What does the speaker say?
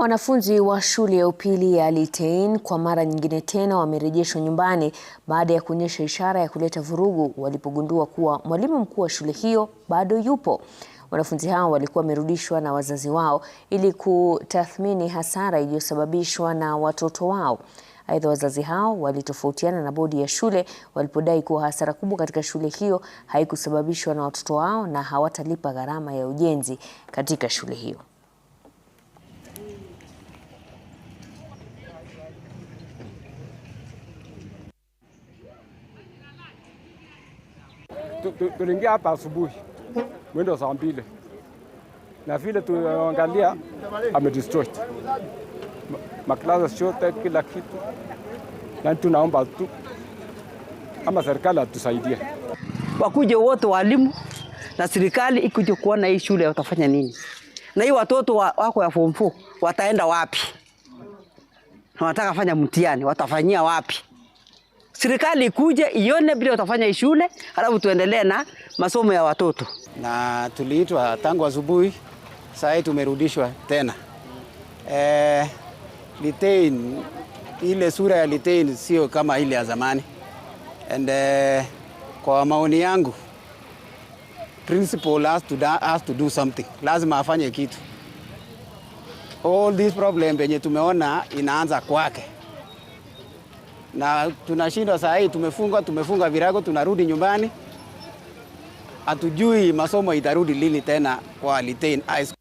Wanafunzi wa shule ya upili ya Litein kwa mara nyingine tena wamerejeshwa nyumbani baada ya kuonyesha ishara ya kuleta vurugu walipogundua kuwa mwalimu mkuu wa shule hiyo bado yupo. Wanafunzi hao walikuwa wamerudishwa na wazazi wao ili kutathmini hasara iliyosababishwa na watoto wao. Aidha, wazazi hao walitofautiana na bodi ya shule walipodai kuwa hasara kubwa katika shule hiyo haikusababishwa na watoto wao na hawatalipa gharama ya ujenzi katika shule hiyo. tuliingia hapa asubuhi mwendo saa mbili, na vile tuangalia amedestroy maklasa shote kila kitu, na yaani tunaomba tu ama serikali atusaidie, wakuje wote walimu na serikali ikuje kuona hii shule watafanya nini, na hii watoto wako ya form 4 wataenda wapi? Na wataka fanya mtihani watafanyia wapi? serikali ikuje ione vile watafanya shule, halafu tuendelee na masomo ya watoto. Na tuliitwa tangu asubuhi, saa hii tumerudishwa tena. eh, Litein, ile sura ya Litein sio kama ile ya zamani and eh, kwa maoni yangu principal has to, has to do something, lazima afanye kitu. All this problem yenye tumeona inaanza kwake na tunashindwa saa hii, tumefungwa tumefunga virago, tunarudi nyumbani, hatujui masomo itarudi lini tena kwa Litein High